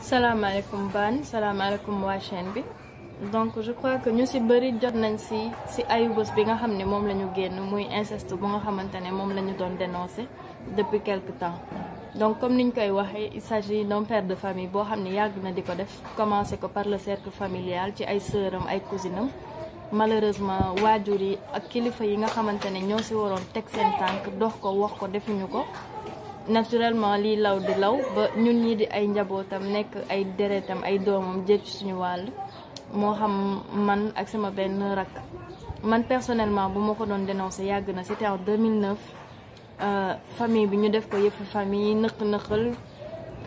salaamaaleykum Ban salaamaaleykum waa chaîne bi donc je crois que ñu ci bëri jot nañ ci ci ay bés bi nga xam ne moom la ñu génn muy inceste bu nga xamante ne moom la ñu doon dénoncer depuis quelque temps. donc comme niñ koy waxee il s'agit d'un de famille boo xam ne yàgg na di ko def commencé ko par le cercle familial ci ay sœuram ay cousinam malheureusement waajur yi ak kilifa yi nga xamante ne ñoo ci waroon teg seen tànk dox ko wax ko defuñu ko. naturellement liy law di law ba ñun ñi di ay njabootam nekk ay deretam ay doomam jëcc suñu wàll moo xam man ak sama benn rakk man personnellement bu ma ko doon dénoncé yàgg na c'était en 2009 euh, famille bi ñu def ko yëpp famille nëkk nëqal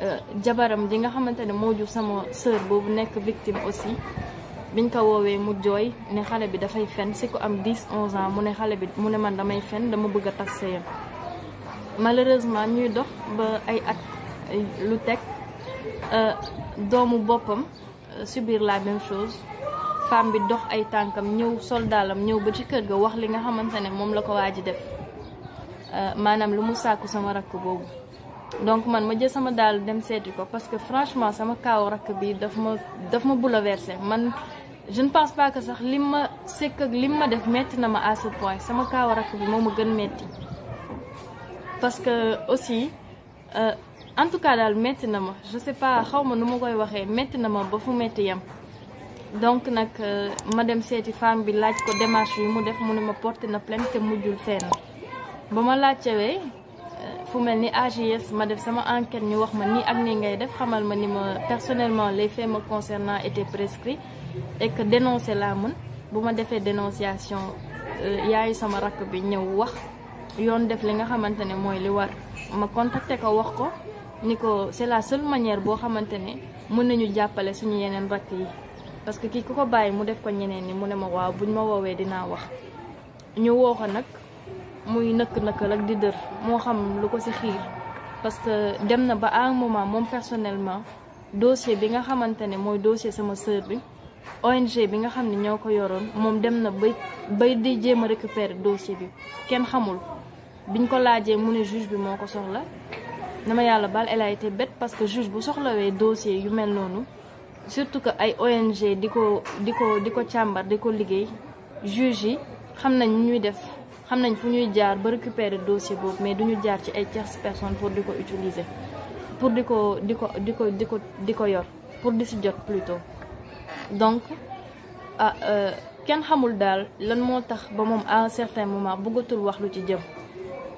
euh, jabaram ji nga xamante ne moo jur sama sœur boobu nekk victime aussi biñ ko woowee mu jooy ne xale bi dafay fen si ko am 10 11 ans mu ne xale bi mu ne man damay fen dama bëgg a tas sëyam malheureusement ñuy dox ba ay at lu teg euh, doomu boppam euh, si biir la même chose femme bi dox ay tànkam ñëw soldaalam ñëw ba ci kër ga wax li nga xamante ne moom la ko waa ji def euh, maanaam lu mu sàkku sama rakk boobu donc man ma jël sama daal dem seeti ko parce que franchement sama kaaw rakk bi daf ma daf ma bouleversé man je ne pense pas que sax lim ma sëkk li lim ma def metti na ma à ce point sama kaaw rakk bi moom a gën metti parce que aussi euh, en tout cas daal métti na ma je sais pas xaw ma nu ma koy waxee métti na ma ba fu métti yam donc nag euh, ma dem seeti femme bi laaj ko démarche yi mu def mu ne ma porté na plainte te mujjul fenn ba ma laajtewee euh, fu mel ni AGS ma def sama enquête ñu wax ma nii ak nii ngay def xamal ma ni ma personnellement les faits me concernant étaient prescrits et que dénoncé laa mën bu ma defee dénonciation euh, yaayu sama rakk bi ñëw wax yoon def li nga xamante ne mooy li war ma contacté ko wax ko ni ko c'est la seule manière boo xamante ne mën nañu jàppale suñu yeneen rakk yi parce que kii ku ko bàyyi mu def ko ñeneen ni mu ne ma waaw bu ñu ma woowee dinaa wax ñu woo ko nag muy nëkk-nëkkal ak di dër moo xam lu ko si xiir parce que dem na ba à moment moom personnellement dossier bi nga xamante ne mooy dossier sama sœur bi ONG bi nga xam ni ñoo ko yoroon moom dem na ba bay di jéem a récupérer dossier bi kenn xamul biñ ko laajee mu ne juge bi moo ko soxla na ma yàlla bal elle a parce que juge bu soxlawee dossier yu mel noonu surtout que ay ONG di ko di ko di ko càmbar di ko liggéey juge yi xam nañ ñuy def xam nañ fu ñuy jaar ba récupérer dossier boobu mais du ñu jaar ci ay tierce personne pour di ko utiliser pour di ko di ko di ko di ko di ko yor pour di si jot plutôt donc ah euh, kenn xamul daal lan moo tax ba moom à un certain moment bëggatul wax lu ci jëm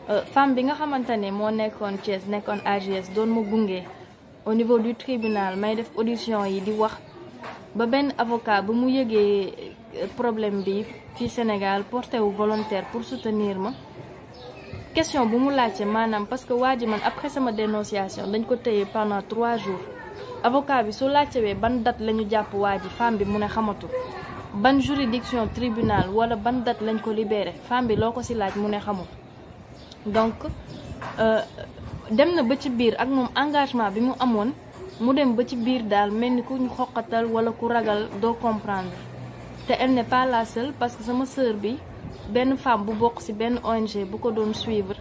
Euh, femme bi nga xamante ne moo nekkoon Thiès nekkoon AGS doon ma gunge au niveau du tribunal may def audition yi di wax ba benn avocat ba mu yëgee euh, problème bi fii Sénégal porté wu volontaire pour soutenir ma question bu mu laajte maanaam parce que waa ji man après sama dénonciation dañ ko téye pendant trois jours avocat bi su laajtewee ban date la ñu jàpp waa ji femme bi mu ne xamatu ban juridiction tribunal wala ban date lañ ko libéré femme bi loo ko si laaj mu ne xamul donc euh, dem na ba ci biir ak moom engagement bi mu amoon mu dem ba ci biir daal mel ni ku ñu xoqatal wala ku ragal doo comprendre te elle ne pas la parce que sama sœur bi benn femme bu bokk si benn ONG bu ko doon suivre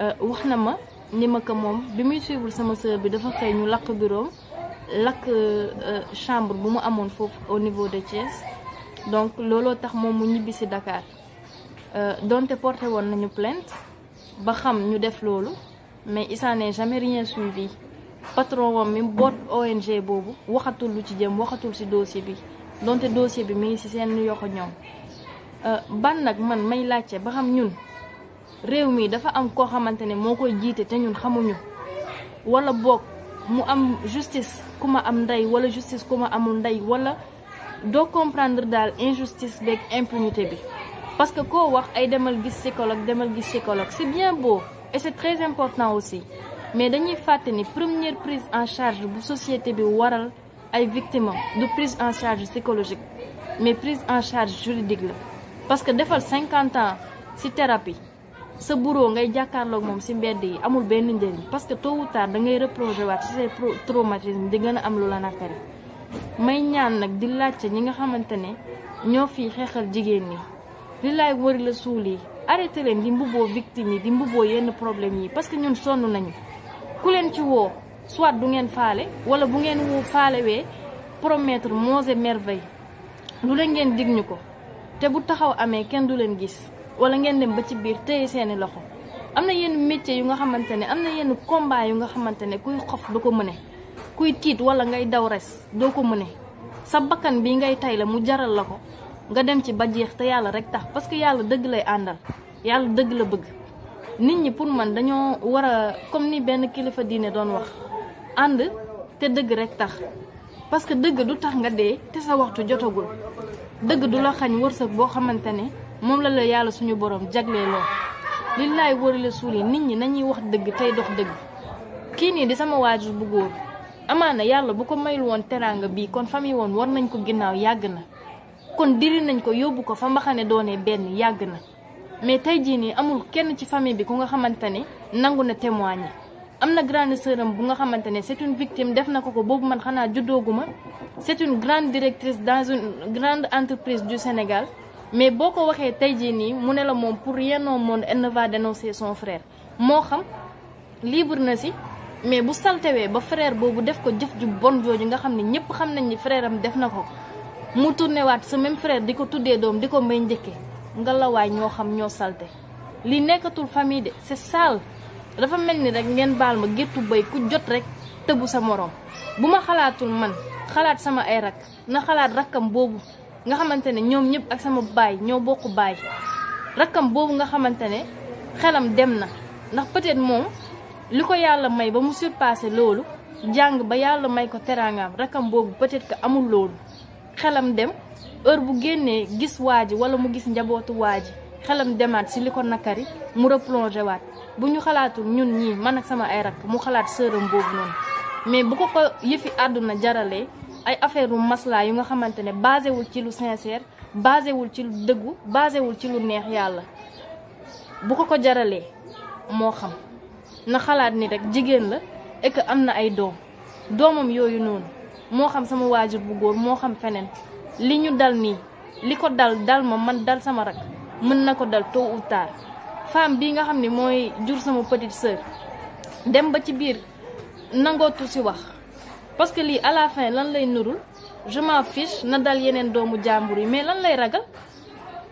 euh, wax na ma ni ma ko moom bi muy suivre sama sœur bi dafa xëy ñu lakk bureau lakk euh, chambre bu mu amoon foofu au niveau de Thiès donc looloo tax moom mu ñibbi ci Dakar donte porté woon nañu plainte ba xam ñu def loolu mais il s'en est jamais rien suivi patron wam mi boot ONG boobu waxatul lu ci jëm waxatul ci dossier bi donte dossier bi mi ngi ci seen yoxo ñoom euh, ban nag man may laajte ba xam ñun réew mi dafa am koo xamante ne moo koy jiite te ñun xamuñu wala boog mu am justice ku ma am ndey wala justice ku ma amul ndey wala doo comprendre daal injustice beeg impunité bi parce que koo wax ay demal gis psychologue demal gis psychologue c'est bien beau et c'est très important aussi mais dañuy fàtte ni première prise en charge bu société bi waral ay victimes du prise en charge psychologique mais prise en charge juridique la parce que defal cinquante ans ci thérapie sa bureau ngay jàkkaarloog moom ci mbedd yi amul benn njëriñ parce que tôt ou tard da ngay reproché waat ci say traumatisme di gën am lu la nakari may ñaan nag di laajte ñi nga xamante ne ñoo fiy xeexal jigéen ñi li laay wëri la suul yi arrêté leen di mbubboo victime yi di mbubboo yenn problème yi parce que ñun sonn nañu ku leen ci woo soit du ngeen faale wala bu ngeen woo faalewee promettre monts et merveilles lu leen ngeen dig ñu ko te bu taxaw amee kenn du leen gis wala ngeen dem ba ci biir téye seeni loxo am na yenn métier yu nga xamante ne am na yenn combat yu nga xamante ne kuy xof du ko mëne kuy tiit wala ngay daw res doo ko mëne sa bakkan bi ngay tey la mu jaral la ko nga dem ci ba jeex te yàlla rek tax parce que yàlla dëgg lay àndal yàlla dëgg la bëgg nit ñi pour man dañoo war a comme ni benn kilifa diine doon wax ànd te dëgg rek tax parce que dëgg du tax nga dee te sa waxtu jotagul dëgg du la xañ wërsëg boo xamante ne moom la la yàlla suñu borom jagleeloo li laay wërale suul yi nit ñi nañuy wax dëgg tey dox dëgg kii nii di sama waajur bu góor amaana yàlla bu ko mayul woon teraanga bii kon famille woon war nañ ko ginnaaw yàgg na kon diri nañ ko yóbbu ko fa mbaxane doone benn yàgg na mais tey jii nii amul kenn ci famille bi ku nga xamante ne nangu na témoigner am na grande sœur bu nga xamante ne c'est une victime def na ko ko boobu man xanaa juddooguma c'est une grande directrice dans une grande entreprise du Sénégal mais boo ko waxee tey jii nii mu ne la moom pour rien au monde elle ne va son frère moo xam libre na si mais bu saltewee ba frère boobu def ko jëf ju bon jooju nga xam ne ñëpp xam nañ ni frère def na ko mu tourné waat sa même frère di ko tuddee doom di ko may njëkkee nga la waay ñoo xam ñoo salte li nekkatul famille de c'est sale dafa mel ni rek ngeen baal ma géttu béy ku jot rek tëbu sa moroom bu ma xalaatul man xalaat sama ay rakk na xalaat rakkam boobu nga xamante ne ñoom ñëpp ak sama baay ñoo bokk baay rakkam boobu nga xamante ne xelam dem na ndax peut-être moom li ko yàlla may ba mu surpassé loolu jàng ba yàlla may ko teraangaam rakkam boobu peut-être amul loolu xelam dem heure bu génnee gis waa ji wala mu gis njabootu waa ji xelam demaat si li ko nakari mu replongé waat bu ñu xalaatul ñun ñii man ak sama ay rakk mu xalaat sëram boobu noonu mais bu ko ko yëfi àdduna jarale ay affaire u maslaa yu nga xamante ne basé wul ci lu sincère basé wul ci lu dëggu basé wul ci lu neex yàlla bu ko ko jaralee moo xam na xalaat ni rek jigéen la et que am na ay doom doomam yooyu noonu moo xam sama waajur bu góor moo xam feneen li ñu dal nii li ko dal dal ma man dal sama rag mën na ko dal tôt ou tard femme bi nga xam ni mooy jur sama petite sœur dem ba ci biir nangootu si wax parce que lii à lan lay nurul je m'en fiche na dal yeneen doomu jàmbur yi mais lan lay ragal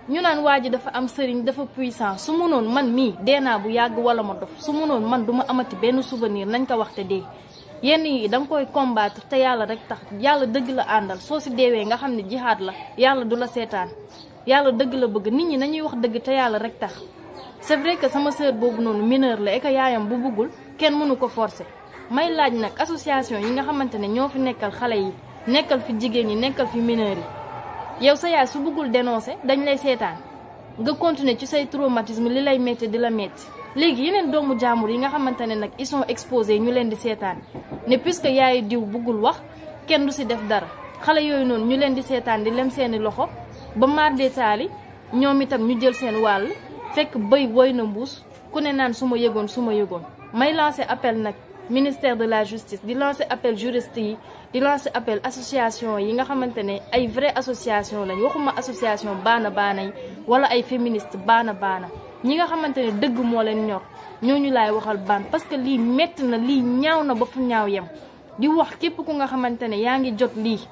ñu naan waaju dafa am sëriñ dafa puissant su munoon man mii dee naa bu yàgg wala ma dof su munoon man duma amati benn suvenir nañ ko wax te dee yenn yi da nga koy combattre te yàlla rek tax yàlla dëgg la àndal soo si deewee nga xam ne jihaad la yàlla du la seetaan yàlla dëgg la bëgg nit ñi nañuy wax dëgg te yàlla rek tax c'est vrai que sama sœur boobu noonu mineur la et yaayam bu bëggul kenn mënu ko forcer may laaj nag association yi nga xamante ne ñoo fi nekkal xale yi nekkal fi jigéen ñi nekkal fi mineur yi yow sa yaay su bëggul denoose dañ lay seetaan nga continuer ci say traumatisme li lay métti di la léegi yeneen doomu jaamur yi nga xamante ne nag ison exposé ñu leen di seetaan ne puisque yaayu diw bëggul wax kenn du si def dara xale yooyu noonu ñu leen di seetaan di lem seeni loxo ba maar dee taali ñoom itam ñu jël seen wàll fekk bëy woy na mbuus ku ne naan su ma yëgoon su ma yëgoon may lancé appel nag ministère de la justice di lancé appel juriste yi di lancé appel association yi nga xamante ne ay vraie association lañ waxuma association baana baana yi wala ay féministe baana baana ñi nga xamante ne dëgg moo leen ñor ñu laay waxal ban parce que lii métti na lii ñaaw na ba fu ñaaw yem di wax képp ku nga xamante ne yaa ngi jot lii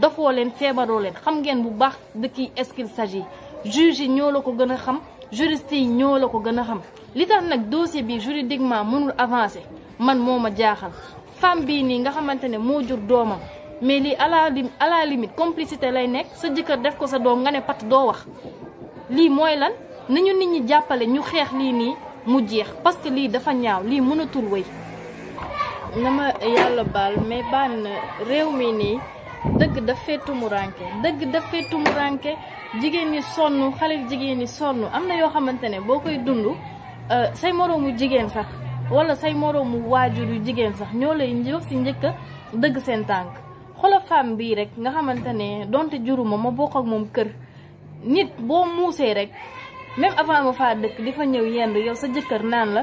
dofoo leen feebaroo leen xam ngeen bu baax de qui est-ce qu'il s'agit juge yi ñoo la ko gën a xam juriste yi ñoo la ko gën a xam li tax nag dossier bi juridiquement mënul avancer man moo ma jaaxal femme bii nii nga xamante ne moo jur doomam mais lii à la à complicité lay nekk sa jëkkër def ko sa doom nga ne pat doo wax lii mooy lan nañu nit ñi jàppale ñu xeex lii nii mu jeex parce que lii dafa ñaaw lii mënatul wéy. na ma yàlla baal mais baan réew mi nii dëgg daf fee tumuranke dëgg daf fee tumuranke jigéen ñi sonn xale jigéen ñi sonn am na yoo xamante ne boo koy dund euh, say moroomu jigéen sax wala say moroomu waajur yu jigéen sax ñoo lay ñëw si njëkk a dëgg seen tànk xoolal femme bii rek nga xamante ne donte juruma ma bokk ak moom kër nit boo muusee rek. même avant ma faa dëkk di fa ñëw yendu yow sa jëkkër naan la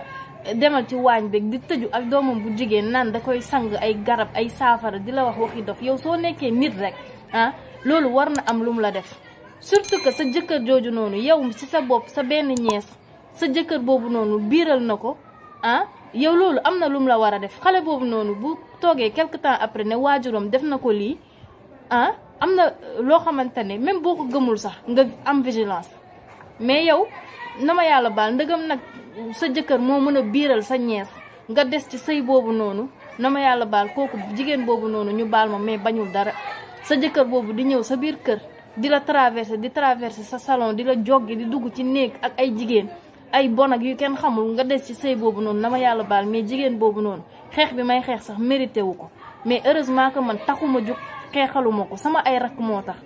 demal ci waañ beeg di tëju ak doomam bu jigéen naan da koy sang ay garab ay saafara di la wax waxi dof yow soo nekkee nit rek ah loolu war na am lu mu la def surtout que sa jëkkër jooju noonu yow ci sa bopp sa benn ñees sa jëkkër boobu noonu biiral na ko ah yow loolu am na lu mu la war a def xale boobu noonu bu toogee quelque temps après ne waajuram def na ko lii ah am na loo xamante ne même boo ko gëmul sax nga am vigilance mais yow na ma yàlla baal ndëgam nag sa jëkkër moo mën a biiral sa ñees nga des ci sëy boobu noonu na ma yàlla baal kooku jigéen boobu noonu ñu baal ma mais bañul dara sa jëkkër boobu di ñëw sa biir kër di la traversé di traversé sa salon di la joggi di dugg ci néeg ak ay jigéen ay bon ak yu kenn xamul nga des ci sëy boobu noonu na ma yàlla baal mais jigéen boobu noonu xeex bi may xeex sax mérité wu ko mais heureusement que man taxuma jug xeexaluma ko sama ay rakk moo tax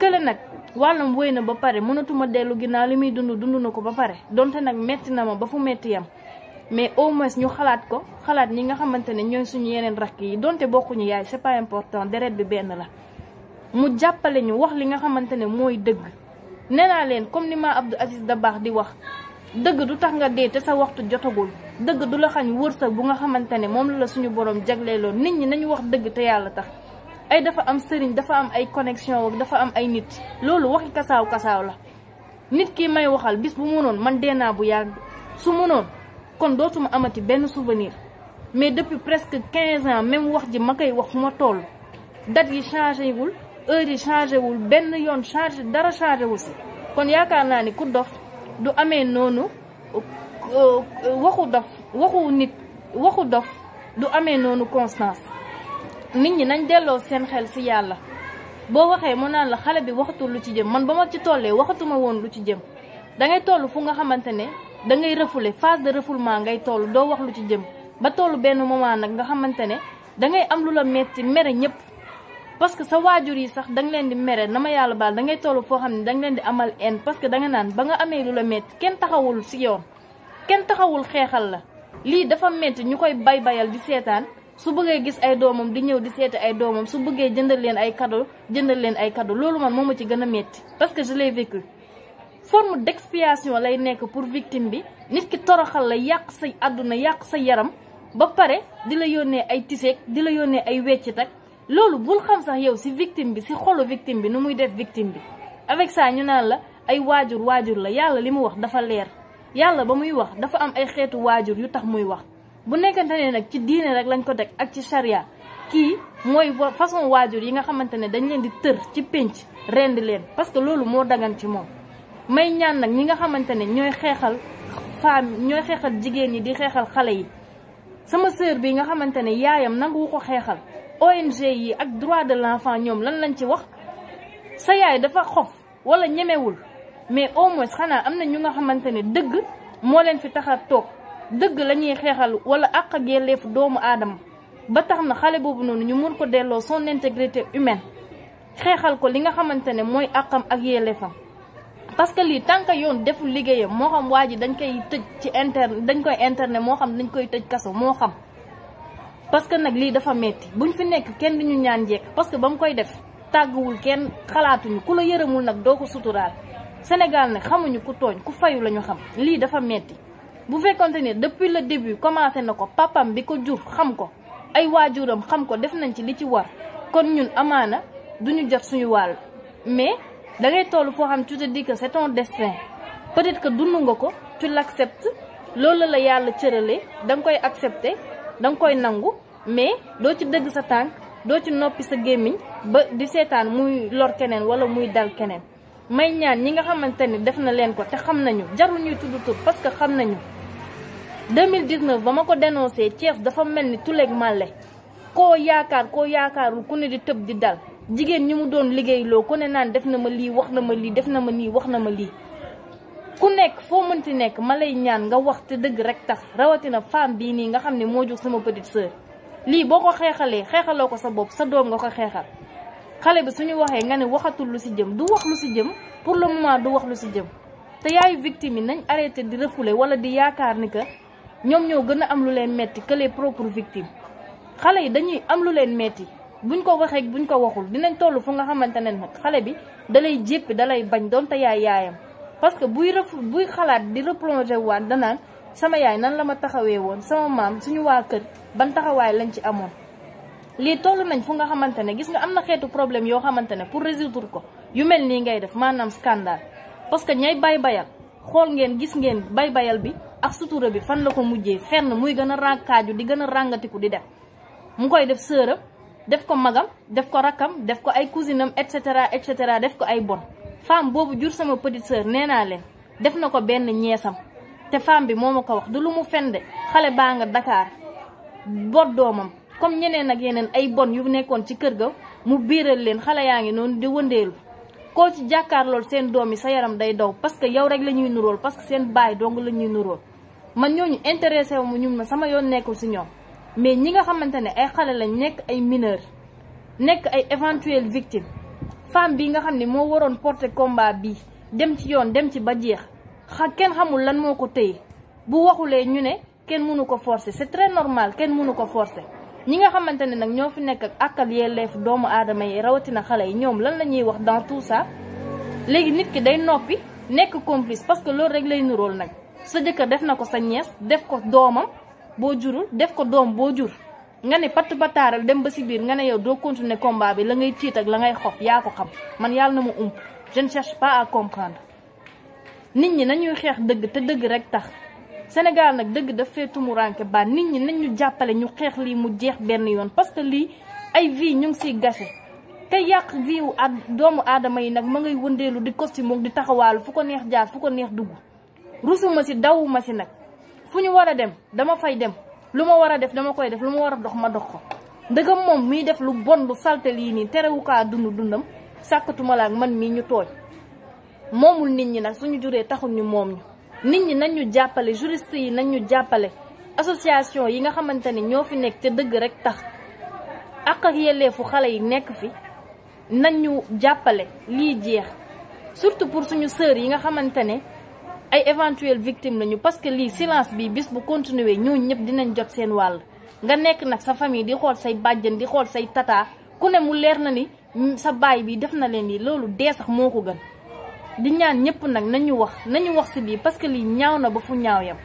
nag wàllam wéy na ba pare mënatuma dellu ginnaaw li muy dund dund na ko ba pare donte nag metti na ma ba fu metti yam mais au moins ñu xalaat ko xalaat ñi nga xamante ne ñooy suñu yeneen rakk yi donte bokkuñu yaay c'est pas important deret bi benn la mu jàppale ñu wax li nga xamante ne mooy dëgg nee naa leen comme ni ma Abdou Aziz baax di wax dëgg du tax nga dee te sa waxtu jotagul dëgg du la xañ wërsëg bu nga xamante ne moom la suñu borom jagleeloon nit ñi nañu wax dëgg te yàlla tax ay dafa am sëriñ dafa am ay connexion dafa am ay nit loolu waxi kasaaw kasaaw la nit ki may waxal bis bu mënoon man dee naa bu yàgg su mënoon kon dootuma amati benn souvenir mais depuis presque quinze ans même wax ji ma koy wax fu ma toll date yi changé wul heure yi changé wul benn yoon changé dara changé wul si kon yaakaar naa ni ku dof du amee noonu euh, euh, waxu dof waxu nit waxu dof du amee noonu constance nit ñi nañ delloo seen xel si yàlla boo waxee mu naan la xale bi waxatul lu ci jëm man ba ma ci tollee waxatuma woon lu ci jëm da ngay toll fu nga xamante ne da ngay refoulé phase de refoulement ngay toll doo wax lu ci jëm ba toll benn moment nag nga xamante ne dangay am lu la metti mere ñëpp parce que sa waajur yi sax danga leen di mere na ma yàlla baal da ngay toll foo xam ne da leen di amal en parce que da nga naan ba nga amee lu la metti kenn taxawul si yoon kenn taxawul xeexal la lii dafa metti ñu koy bay bayal di seetaan su bëggee gis ay doomam di ñëw di seeti ay doomam su bëggee jëndal leen ay cadeau jëndal leen ay cadeau loolu man moo ma ci gën a métti parce que je l'ai vécu forme lay nekk pour victime bi nit ki toroxal la yàq sa àdduna yàq sa yaram ba pare di la yónnee ay tiseek di la yónnee ay wecci ak loolu bul xam sax yow ci victime bi ci xolu victime bi nu muy def victime bi avec ça ñu naan la ay waajur waajur la yàlla li mu wax dafa leer yàlla ba muy wax dafa am ay xeetu waajur yu tax muy wax bu nekkante ne nag ci diine rek lañ ko deg ak ci charia kii mooy façon waajur yi nga xamante ne dañ leen di tër ci pénc rend leen parce que loolu moo dagan ci moom may ñaan nag ñi nga xamante ne ñooy xeexal femme ñooy xeexal jigéen ñi di xeexal xale yi sama sœur bi nga xamante ne yaayam nangu ko xeexal ONG yi ak droit de l'enfant ñoom lan lañ ci wax sa yaay dafa xof wala ñemewul mais au moins xanaa am na ñu nga xamante ne dëgg moo leen fi tax a toog dëgg la ñuy xeexal wala àq ak yelleef doomu aadama ba tax na xale boobu noonu ñu mën ko delloo son intégrité humaine xeexal ko li nga xamante ne mooy àqam ak yelleefam parce que lii tant yoon deful liggéeyam moo xam waa ji dañ koy tëj ci interne dañ koy internet moo xam dañ koy tëj kaso moo xam parce que nag lii dafa metti buñ fi nekk kenn di ñu ñaan jekk parce que ba mu koy def tàgguwul kenn xalaatuñu ku la yërëmul nag doo ko suturaal Sénégal ne xamuñu ku tooñ ku fayu la ñu xam lii dafa metti bu fekkonte ne depuis le début commencé na ko papam bi ko jur xam ko ay waajuram xam ko def nañ ci li ci war kon ñun amaana duñu jot suñu wàll mais da ngay toll foo xam tu te dis que c'est ton destin peut-être que dund nga ko tu l'acceptes loolu la yàlla cëralee da koy accepter da nga koy nangu mais doo ci dëgg sa tànk doo ci noppi sa gémmiñ ba di seetaan muy lor keneen wala muy dal keneen may ñaan ñi nga xamante ni def na leen ko te xam nañu jarul ñuy tudd tur parce que xam nañu 2019 ba ma ko dénoncé Thiès dafa mel ni tuleeg màlle koo yaakaar koo yaakaarul ku ne di tëb di dal jigéen ñi mu doon liggéeyloo ku ne naan def na ma lii wax na ma lii def na ma nii wax na ma lii ku nekk foo mënti nekk ma lay ñaan nga wax te dëgg rek tax rawatina femme bii nii nga xam ne moo jur sama petite sœur lii boo ko xeexalee xeexaloo ko sa bopp sa doom nga ko xeexal xale bi su ñu waxee nga ne waxatul lu si jëm du wax lu si jëm pour le moment du wax lu si jëm te yaayu victime yi nañ arrêté di refoulé wala di yaakaar ni que ñoom ñoo gën a am lu leen metti que les propres xale yi dañuy am lu leen metti buñ ko waxee buñ ko waxul dinañ toll fu nga xamante ne nag xale bi dalay jéppi dalay bañ doonte yaay yaayam parce que buy ref buy xalaat di replongé waan danaan sama yaay nan la ma taxawee woon sama maam suñu waa kër ban taxawaay lañ ci amoon lii toll nañ fu nga xamante ne gis nga am na xeetu problème yoo xamante ne pour résoudre ko yu mel nii ngay def maanaam scandale parce que ñay bay bayal xool ngeen gis ngeen bay bayal bi ak sutura bi fan la ko mujjee fenn muy gën a rànkaaju di gën a ràngatiku di dem mu koy def sëram def ko magam def ko rakkam def ko ay cousinam et cetera et cetera def ko ay bon femme boobu jur sama petite sœur nee naa leen def na ko benn ñeesam te femme bi moo ma ko wax du lu mu fende xale baa nga bot doomam comme ñeneen ak yeneen ay bon yu nekkoon ci kër ga mu biiral leen xale yaa ngi noonu di wëndeelu koo ci jàkkaarlool seen doom yi sa yaram day daw parce que yow rek la ñuy nuróol parce que seen baay dong la ñuy nuróol man ñooñu intéressé wu mu ñun ma sama yoon nekkul si ñoom mais ñi nga xamante ne ay xale lañ nekk ay mineur nekk ay éventuelle victime femme bi nga xam ne moo waroon porter combat bi dem ci yoon dem ci ba jeex xa kenn xamul lan moo ko téye bu waxulee ñu ne kenn mënu ko forcer c'est très normal kenn mënu ko forcer ñi nga xamante ne nag ñoo fi nekk ak ak ak yelleef doomu aadama yi rawatina xale yi ñoom lan la ñuy wax dans tout léegi nit ki day noppi nekk complice parce que loolu rek lay nurool nag sa jëkkër def na ko sa ñees def ko doomam boo jurul def ko doom boo jur nga ne patt pataaral dem ba si biir nga ne yow doo continuer combat bi la ngay tiit ak la ngay xof yaa ko xam man yàlla na mu ump je ne cherche pas à comprendre nit ñi nañuy xeex dëgg te dëgg rek tax Sénégal nag dëgg daf fee tumuranke ba nit ñi nañ ñu jàppale ñu xeex lii mu jeex benn yoon parce que lii ay vie ñu ngi gase te yàq vie wu doomu aadama yi nag ma ngay wëndeelu di costume di taxawaalu fu ko neex jaar fu ko neex dugg rusuma si dawuma ci nag fu ñu war a dem dama fay dem lu ma war a def dama koy def lu ma war a dox ma dox ko ndëgam moom muy def lu bon lu salte lii nii terewu kaa dund dundam sàkkatuma la ak man mii ñu tooñ moomul nit ñi nag suñu juree taxul ñu moom nit ñi nañ ñu jàppale juriste yi nañ ñu jàppale association yi nga xamante ni ñoo fi nekk ca dëgg rek tax ak ak yelleefu xale yi nekk fi nañ ñu jàppale lii jeex surtout pour suñu sœur yi nga xamante ne ay éventuelles victimes lañu parce que lii silence bi bis bu continuer ñooñu ñëpp dinañ jot seen wàll. nga nekk nag sa famille di xool say bàjjen di xool say tata ku ne mu leer na ni mm, sa baay bi def na leen ni loolu dee sax moo ko gën. di ñaan ñëpp nag nañu wax nañu wax si bii parce que lii ñaaw na ba fu ñaaw yam